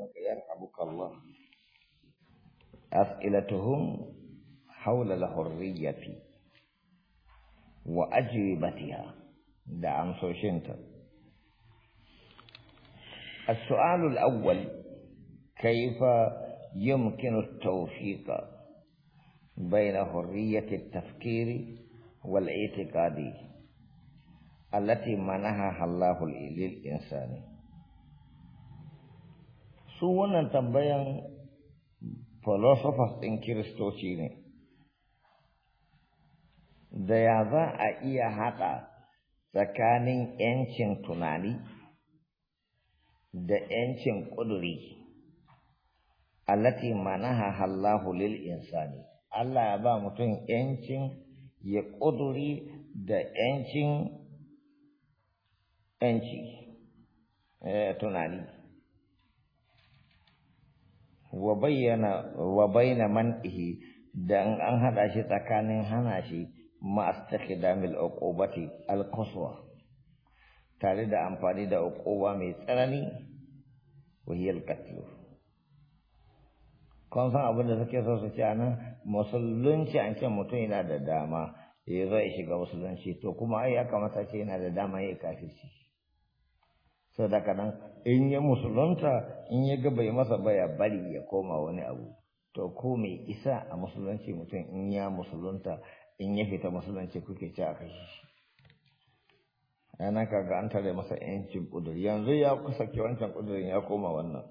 قدمك يرحمك الله أسئلتهم حول الحرية وأجوبتها دعم سوشنت السؤال الأول كيف يمكن التوفيق بين حرية التفكير والاعتقاد التي منحها الله للإنسان su wannan tambayan philosophers ɗin kiristoci ne da ya za a iya haɗa tsakanin ‘yancin tunani da ‘yancin ƙuduri allati manaha Allahu lil insani Allah ya ba mutum ‘yancin ya ƙuduri da ‘yancin ‘yanci eh, tunani wa bayyana wa bayna manhi dan an hada shi tsakanin hana shi ma astakhdamil uqubati al-qaswa tare da amfani da uquba mai tsanani wa hiya al-qatl kun san abin da suke so su ci anan musulunci an ce mutum yana da dama ya zo shiga musulunci to kuma ai ya kamata ce yana da dama ya kafirci sau da nan in ya musulunta in ya ga bai masa baya bari ya koma wani abu to ko mai isa a musulunci mutum in ya musulunta in ya fita musulunci kuke ci a kashi shi yana kaga an tare masa yancin kuduri yanzu ya kusa ke wancan kudurin ya koma wannan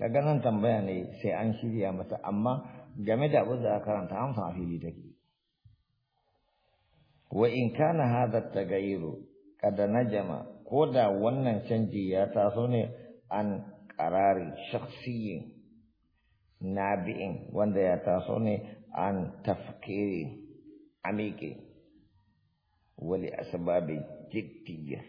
ka ganin tambaya ne sai an shirya mata amma game da abin da aka karanta amsa a fili take wa in kana hadha tagayru kada najama ko da wannan canji ya taso ne an qarari shakhsiyyin nabi'in wanda ya taso ne an tafkiri amiki wali asbabi jiddiyya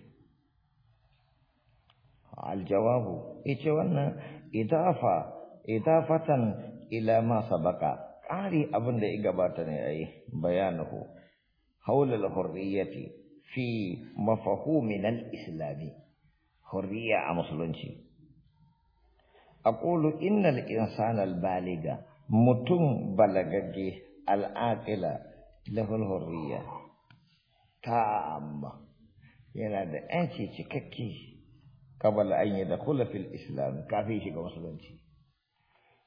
aljawabu ita wannan idafa idafatan ila ma sabaka qari abin da ya gabata ne yayi bayanuhu حول الحرية في مفهوم الإسلام حرية مسلمين أقول إن الإنسان البالغ متم بلغه العاقل له الحرية تامة ينادى أنشي تككي قبل أن يدخل في الإسلام كافي شيء مسلمين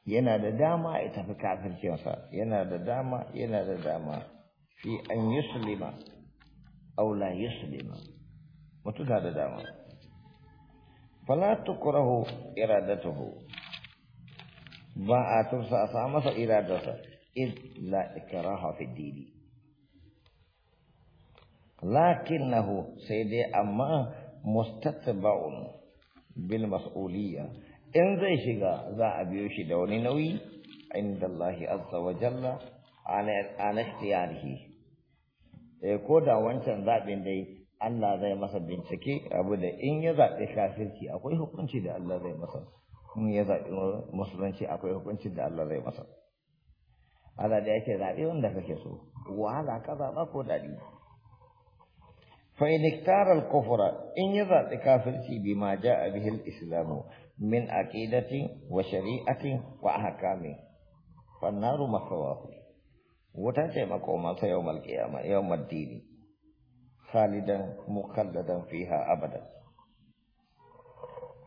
yana da dama ya tafi kafircinsa yana da dama yana da dama في أن يسلم أو لا يسلم وتدهد دعوة فلا تكره إرادته وآتر ترسى إرادته إذ لا إكراه في الدين لكنه سيدي أما مستتبع بالمسؤولية إن زي شغا ذا أبيوشي دوني نوي عند الله عز وجل على اختياره eh ko da wancan zaɓin dai Allah zai masa bincike abu da in ya zabe kafirci akwai hukunci da Allah zai masa in ya zabe musulunci akwai hukunci da Allah zai masa Allah da yake zaɓi wanda kake so wahala ka zaba ko daɗi fa in iktara al-kufra in ya zaɓi kafirci bima ja'a bihi al-islamu min aqidati wa shari'ati wa ahkami fa naru mathwahu Wata ce makomansa yau malkiyama yau maddini khalidan mukalladan fiha abadan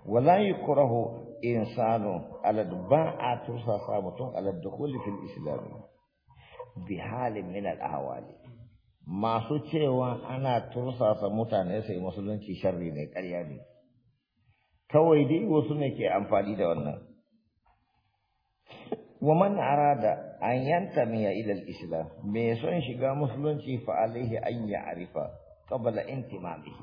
wala yukrahu insanu ala ba a tursa samutun mutum ala dukhuli fil islam bi halin min al ahwali masu cewa ana tursasa mutane sai musulunci sharri ne ƙarya ne kawai dai wasu ne ke amfani da wannan ومن أراد أن ينتمي إلى الإسلام بيسون شقا مسلم فعليه أن يعرف قبل انتمامه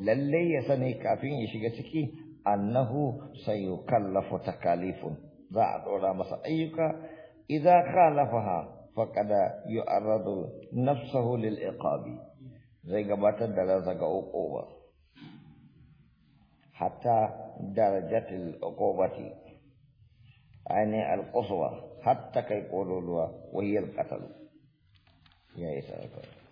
للي يسني كافين يشقا سكي أنه سيكلف تكاليف ذات ولا مسأيك إذا خالفها فقد يعرض نفسه للعقاب زي قبات الدلازة عقوبة حتى درجة الأقوبة يعني القصوى حتى كيقولوا وهي القتل يا يسألك